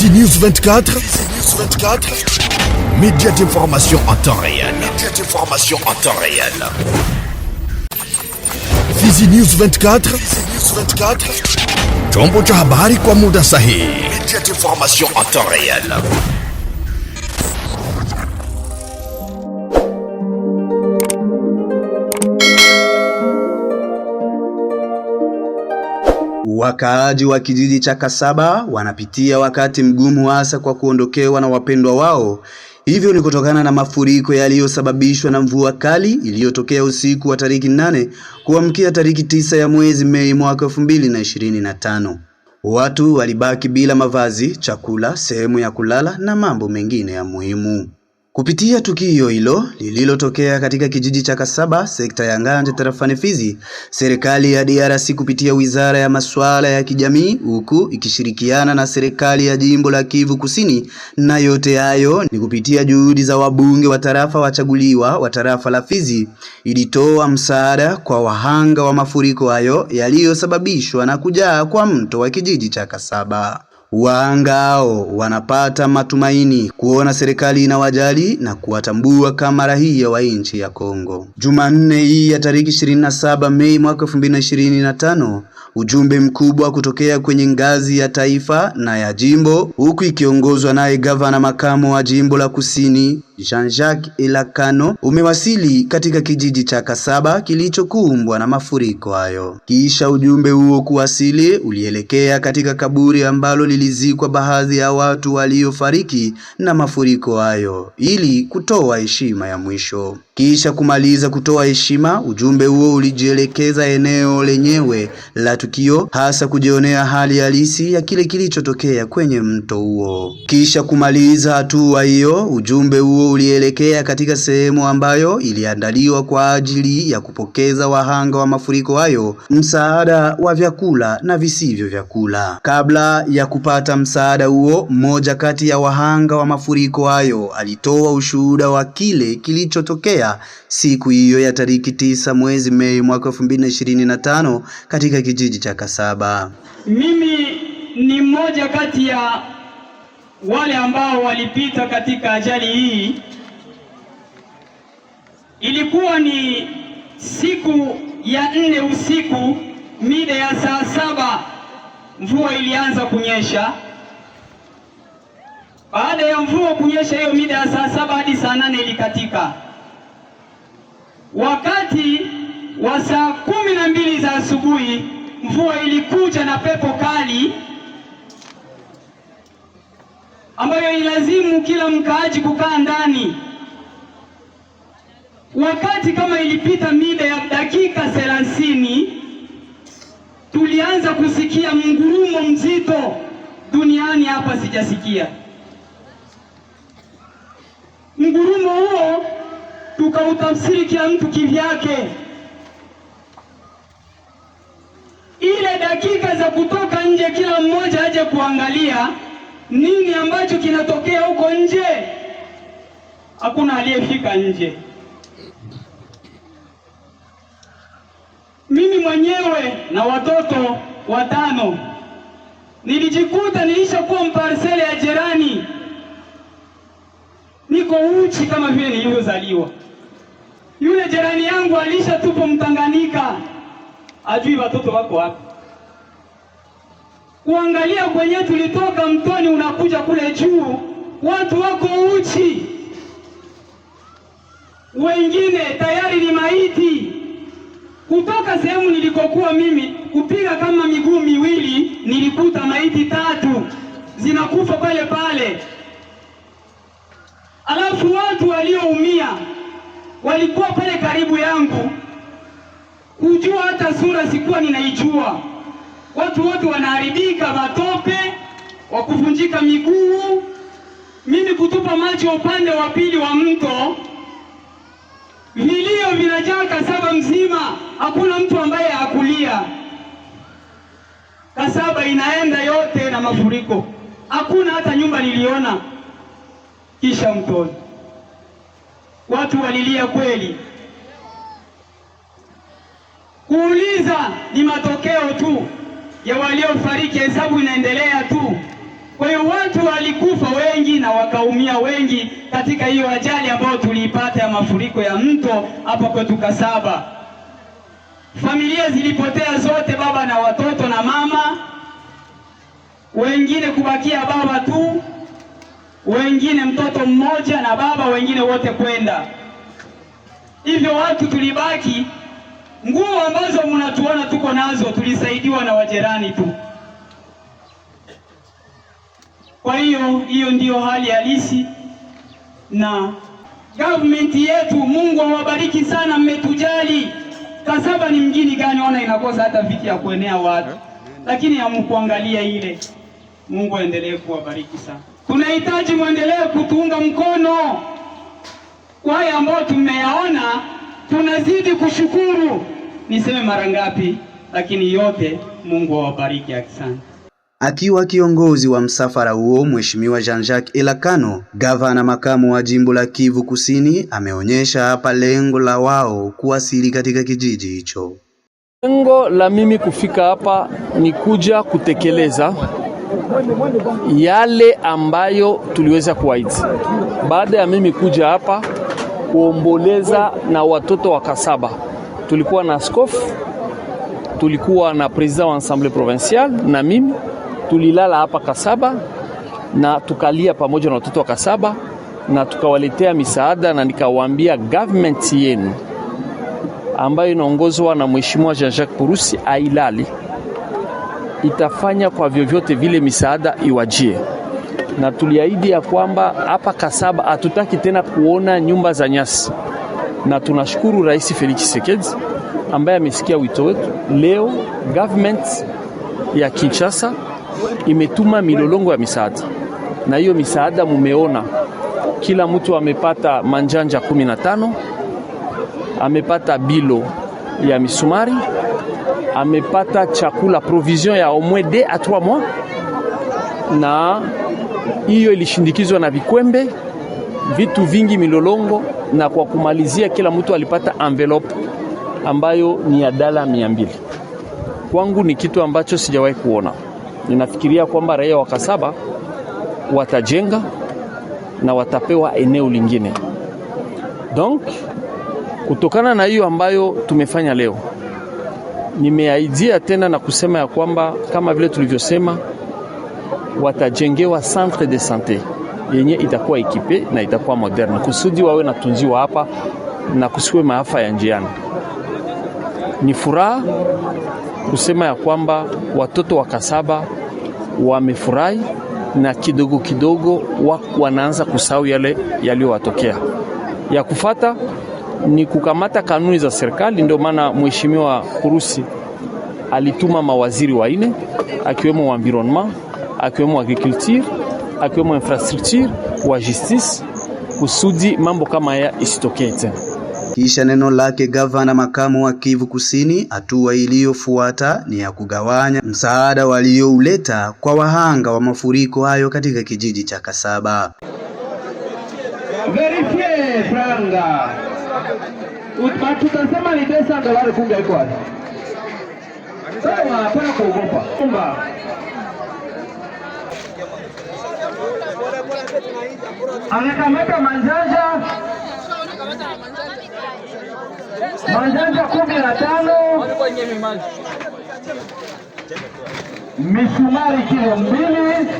Easy News 24. Easy News 24. Média d'information en temps réel. Média d'information en temps réel. Easy News 24. Easy News 24. Chombo cha habari Sahi. muda Média d'information en temps réel. Wakaaji wa kijiji cha Kasaba wanapitia wakati mgumu hasa kwa kuondokewa na wapendwa wao. Hivyo ni kutokana na mafuriko yaliyosababishwa na mvua kali iliyotokea usiku wa tariki nane kuamkia tariki tisa ya mwezi Mei mwaka tano. Watu walibaki bila mavazi, chakula, sehemu ya kulala na mambo mengine ya muhimu. Kupitia tukio hilo lililotokea katika kijiji cha Kasaba, sekta ya Nganje, tarafani Fizi, serikali ya DRC kupitia Wizara ya Masuala ya Kijamii huku ikishirikiana na serikali ya Jimbo la Kivu Kusini, na yote hayo ni kupitia juhudi za wabunge wa tarafa wachaguliwa wa tarafa la Fizi, ilitoa msaada kwa wahanga wa mafuriko hayo yaliyosababishwa na kujaa kwa mto wa kijiji cha Kasaba. Waangao wanapata matumaini kuona serikali inawajali na kuwatambua kama raia wa nchi ya Kongo. Jumanne hii ya tariki 27 Mei mwaka 2025, ujumbe mkubwa kutokea kwenye ngazi ya taifa na ya jimbo, huku ikiongozwa naye gavana makamu wa jimbo la Kusini Jean-Jacques Elakano umewasili katika kijiji cha Kasaba kilichokumbwa na mafuriko hayo. Kisha ujumbe huo kuwasili, ulielekea katika kaburi ambalo lilizikwa baadhi ya watu waliofariki na mafuriko hayo ili kutoa heshima ya mwisho. Kisha kumaliza kutoa heshima, ujumbe huo ulijielekeza eneo lenyewe la tukio, hasa kujionea hali halisi ya kile kilichotokea kwenye mto huo. Kisha kumaliza hatua hiyo, ujumbe huo ulielekea katika sehemu ambayo iliandaliwa kwa ajili ya kupokeza wahanga wa mafuriko hayo msaada wa vyakula na visivyo vyakula. Kabla ya kupata msaada huo, mmoja kati ya wahanga wa mafuriko hayo alitoa ushuhuda wa kile kilichotokea siku hiyo ya tariki tisa mwezi Mei mwaka tano katika kijiji cha Kasaba. Mimi ni mmoja kati ya wale ambao walipita katika ajali hii. Ilikuwa ni siku ya nne usiku mida ya saa saba mvua ilianza kunyesha. Baada ya mvua kunyesha hiyo mida ya saa saba hadi saa nane ilikatika. Wakati wa saa kumi na mbili za asubuhi mvua ilikuja na pepo kali ambayo ilazimu kila mkaaji kukaa ndani. Wakati kama ilipita mida ya dakika thelathini, tulianza kusikia mngurumo mzito duniani hapa sijasikia mgurumo huo tukautafsiri kila mtu kivyake. Ile dakika za kutoka nje, kila mmoja aje kuangalia nini ambacho kinatokea huko nje. Hakuna aliyefika nje. Mimi mwenyewe na watoto watano nilijikuta nilishakuwa mparsele ya jirani, niko uchi kama vile nilivyozaliwa. Yule jirani yangu alisha tupo Mtanganyika, ajui watoto wako wapi. Kuangalia kwenye tulitoka mtoni, unakuja kule juu, watu wako uchi, wengine tayari ni maiti. Kutoka sehemu nilikokuwa mimi kupiga kama miguu miwili, nilikuta maiti tatu zinakufa pale pale, alafu watu walioumia walikuwa pale karibu yangu, kujua hata sura sikuwa ninaijua. Watu wote wanaharibika, matope wa kuvunjika miguu, mimi kutupa macho upande wa pili wa mto, vilio vinajaa Kasaba mzima, hakuna mtu ambaye hakulia. Kasaba inaenda yote na mafuriko, hakuna hata nyumba niliona, kisha mtoni watu walilia kweli. Kuuliza ni matokeo tu ya waliofariki, hesabu inaendelea tu. Kwa hiyo watu walikufa wengi na wakaumia wengi katika hiyo ajali ambayo tuliipata ya mafuriko ya mto hapa kwetu Kasaba. Familia zilipotea zote, baba na watoto na mama, wengine kubakia baba tu wengine mtoto mmoja na baba wengine wote kwenda. Hivyo watu tulibaki, nguo ambazo mnatuona tuko nazo tulisaidiwa na wajerani tu. Kwa hiyo hiyo ndiyo hali halisi, na government yetu, Mungu awabariki sana, mmetujali. Kasaba ni mjini gani, ona inakosa hata viti ya kuenea watu, lakini hamkuangalia ile. Mungu aendelee kuwabariki sana tunahitaji mwendelee kutuunga mkono. haya ambayo tumeyaona tunazidi kushukuru, niseme mara ngapi, lakini yote Mungu awabariki. Asante. Akiwa kiongozi wa msafara huo, Mheshimiwa Jean-Jacques Elakano, gavana makamu wa jimbo la Kivu Kusini, ameonyesha hapa lengo la wao kuwasili katika kijiji hicho. Lengo la mimi kufika hapa ni kuja kutekeleza yale ambayo tuliweza kuwaiti baada ya mimi kuja hapa kuomboleza na watoto wa Kasaba. Tulikuwa na askofu, tulikuwa na president wa ensemble provincial na mimi tulilala hapa Kasaba na tukalia pamoja na watoto wa Kasaba na tukawaletea misaada na nikawaambia government yenu ambayo inaongozwa na Mheshimiwa Jean-Jacques Purusi ailali itafanya kwa vyovyote vile misaada iwajie, na tuliahidi ya kwamba hapa Kasaba hatutaki tena kuona nyumba za nyasi, na tunashukuru Rais Felix Tshisekedi ambaye amesikia wito wetu. Leo government ya Kinshasa imetuma milolongo ya misaada, na hiyo misaada mumeona, kila mtu amepata manjanja 15 amepata bilo ya misumari amepata chakula provision ya omwe de a 3 mois, na hiyo ilishindikizwa na vikwembe vitu vingi, milolongo, na kwa kumalizia, kila mtu alipata envelope ambayo ni ya dala mia mbili. Kwangu ni kitu ambacho sijawahi kuona. Ninafikiria kwamba raia wa Kasaba watajenga na watapewa eneo lingine. Donc kutokana na hiyo ambayo tumefanya leo nimeaidia tena na kusema ya kwamba kama vile tulivyosema, watajengewa centre de sante yenye itakuwa ekipe na itakuwa moderne kusudi wawe natunziwa hapa na kusiwe maafa ya njiani. Ni furaha kusema ya kwamba watoto wa Kasaba wamefurahi na kidogo kidogo wanaanza kusahau yale yaliyowatokea ya kufata ni kukamata kanuni za serikali. Ndio maana mheshimiwa Kurusi alituma mawaziri waine akiwemo wa environnement, akiwemo agriculture, akiwemo infrastructure, wa justice kusudi mambo kama haya isitokee tena. Kisha neno lake gavana makamu wa Kivu Kusini, hatua iliyofuata ni ya kugawanya msaada waliouleta kwa wahanga wa mafuriko hayo katika kijiji cha Kasaba. tutasema ni pesa ndo wale kunga iko wapi? Sawa, hapana kuogopa. Kumba. Amekamata manjanja manjanja kumi na tano misumari kilo mbili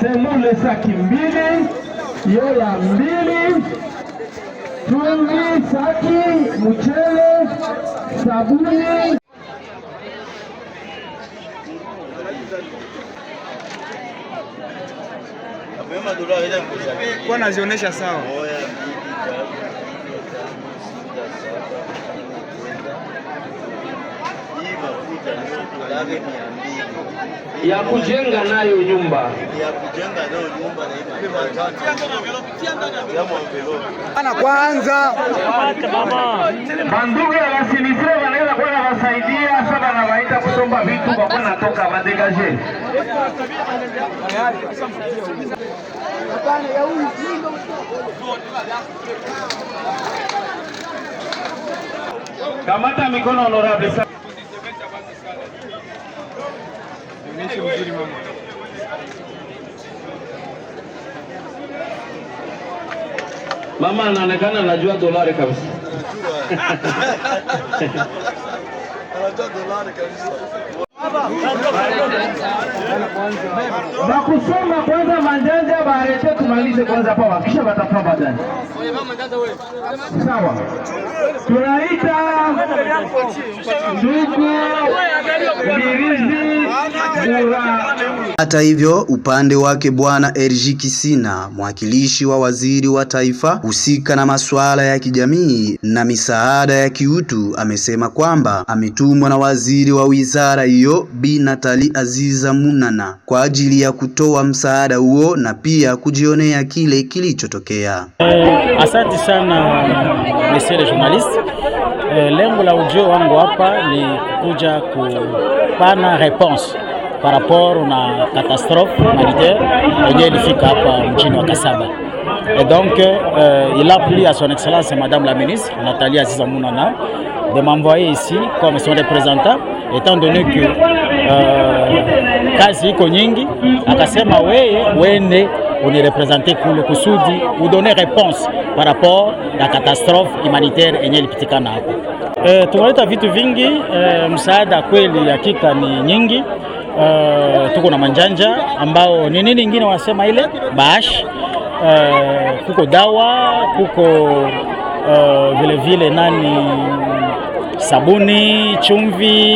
semule saki mbili yoya mbili, chumvi, saki, mchele, sabuni. Kwa nazionyesha sawa. Hii mafuta ndio ya kujenga nayo nyumba na kwanza bandugu ya wasinise wanaweza kuwa na wasaidia hasa wanawaita kusomba vitu kwa kuwa natoka badegaje kamata mikono honorable mzuri mama. Mama anaonekana anajua dolari kabisa. Na kusoma kwanza manjanja barete tumalize kwanza pawa kisha watafuta baadaye. Sawa. Tunaita ndugu hata hivyo, upande wake Bwana Erji Kisina, mwakilishi wa waziri wa taifa husika na masuala ya kijamii na misaada ya kiutu, amesema kwamba ametumwa na waziri wa wizara hiyo Bi Natali Aziza Munana kwa ajili ya kutoa msaada huo na pia kujionea kile kilichotokea. Eh, asante sana monsieur le journaliste. Eh, lengo la ujio wangu hapa ni kuja kupana response par rapport à une catastrophe humanitaire yenye ilifika hapa par wa Kasaba. Et donc euh, euh, il a appelé à son excellence madame la ministre Nathalie Aziza de m'envoyer ici comme son représentant étant donné que euh, kazi iko nyingi, akasema représenté wende le kule kusudi donner réponse par rapport à la catastrophe humanitaire yenye ilipitikana hapo. Euh, e, tumeleta vitu vingi e, msaada kweli hakika ni nyingi uh, tuko na manjanja ambao ni nini ingine wanasema ile bash uh, eh, kuko dawa kuko uh, eh, vilevile nani sabuni, chumvi,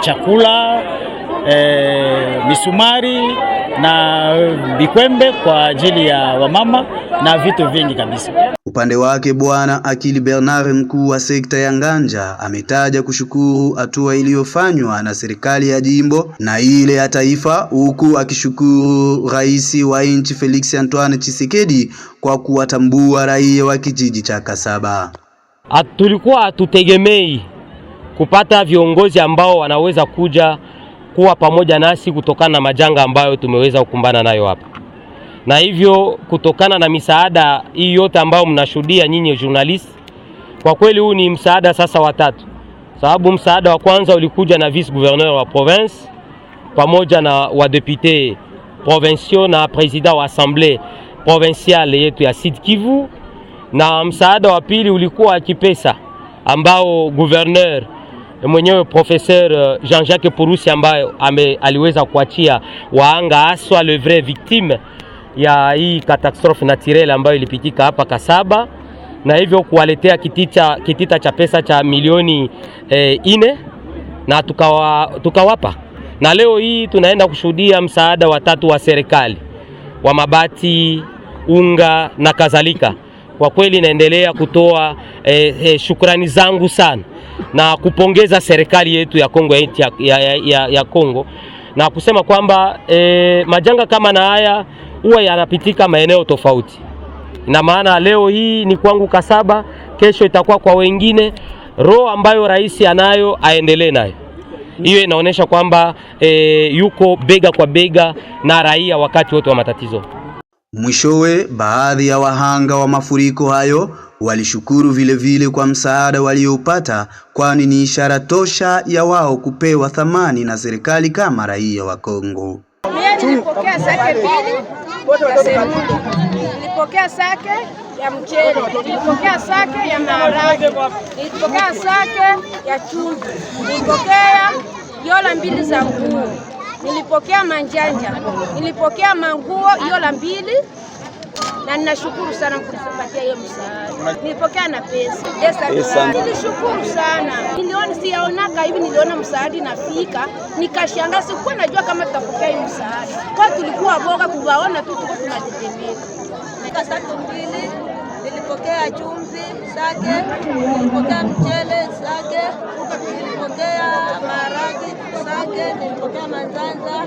chakula, uh, misumari na vikwembe kwa ajili ya wamama na vitu vingi kabisa. Upande wake Bwana Akili Bernard, mkuu wa sekta ya Nganja, ametaja kushukuru hatua iliyofanywa na serikali ya jimbo na ile ya taifa, huku akishukuru rais wa nchi Felix Antoine Tshisekedi kwa kuwatambua raia wa kijiji cha Kasaba. Tulikuwa hatutegemei kupata viongozi ambao wanaweza kuja kuwa pamoja nasi kutokana na majanga ambayo tumeweza kukumbana nayo hapa, na hivyo kutokana na misaada hii yote ambayo mnashuhudia nyinyi journalist, kwa kweli huu ni msaada sasa watatu, sababu msaada wa kwanza ulikuja na vice gouverneur wa province pamoja na député provinciaux na president wa assemblée provinciale yetu ya Sud Kivu, na msaada wa pili ulikuwa kipesa ambao gouverneur E mwenyewe Professeur euh, Jean-Jacques Purusi ambaye aliweza kuachia waanga aswa le vrai victime ya hii katastrofe naturelle ambayo ilipitika hapa Kasaba, na hivyo kuwaletea kitita, kitita cha pesa cha milioni eh, ine na tukawa, tukawapa na leo hii tunaenda kushuhudia msaada wa tatu wa serikali wa mabati, unga na kadhalika. Kwa kweli naendelea kutoa eh, eh, shukrani zangu sana na kupongeza serikali yetu ya Kongo, ya, ya, ya, ya Kongo na kusema kwamba e, majanga kama na haya huwa yanapitika maeneo tofauti, na maana leo hii ni kwangu Kasaba, kesho itakuwa kwa wengine. Roho ambayo rais anayo aendelee nayo hiyo inaonyesha kwamba e, yuko bega kwa bega na raia wakati wote wa matatizo. Mwishowe, baadhi ya wahanga wa mafuriko hayo Walishukuru vilevile vile kwa msaada walioupata, kwani ni ishara tosha ya wao kupewa thamani na serikali kama raia wa Kongo. nilipokea sake ya mchele, nilipokea sake ya maharage, nilipokea sake ya chumvi, nilipokea yola mbili za nguo, nilipokea manjanja, nilipokea manguo yola mbili na ninashukuru sana kunipatia hiyo msaada. Nilipokea na pesa pesa, nilishukuru sana, niliona siyaonaka hivi, niliona msaada nafika, nikashangaa. Sikuwa najua kama tutapokea hiyo msaada, kwa tulikuwa boga kuvaona tu, tuko tunatetemeka. Sato mbili nilipokea chumvi sake, nilipokea mchele sake, nilipokea maragi sake, nilipokea manzanza,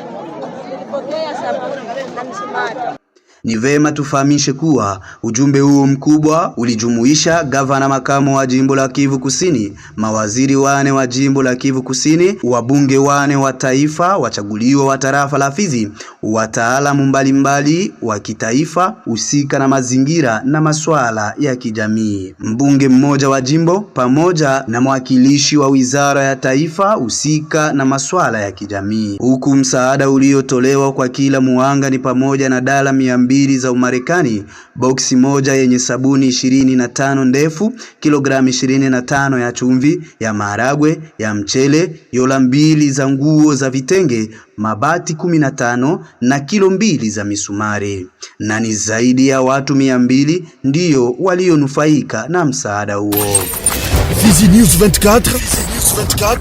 nilipokea sababu na msumari. Ni vema tufahamishe kuwa ujumbe huo mkubwa ulijumuisha gavana makamo wa jimbo la Kivu Kusini, mawaziri wane wa jimbo la Kivu Kusini, wabunge wane wa taifa wachaguliwa wa tarafa la Fizi, wataalamu mbalimbali wa kitaifa husika na mazingira na masuala ya kijamii, mbunge mmoja wa jimbo pamoja na mwakilishi wa wizara ya taifa husika na masuala ya kijamii, huku msaada uliotolewa kwa kila muhanga ni pamoja na dala mia mbili za Umarekani, boksi moja yenye sabuni ishirini na tano ndefu, kilogramu ishirini na tano ya chumvi ya maharagwe ya mchele, yola mbili za nguo za vitenge, mabati kumi na tano na kilo mbili za misumari. Na ni zaidi ya watu mia mbili ndiyo walionufaika na msaada huo. Fizi News 24, Fizi News 24.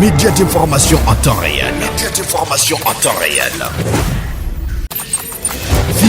Média d'information en temps réel. Média d'information en temps réel.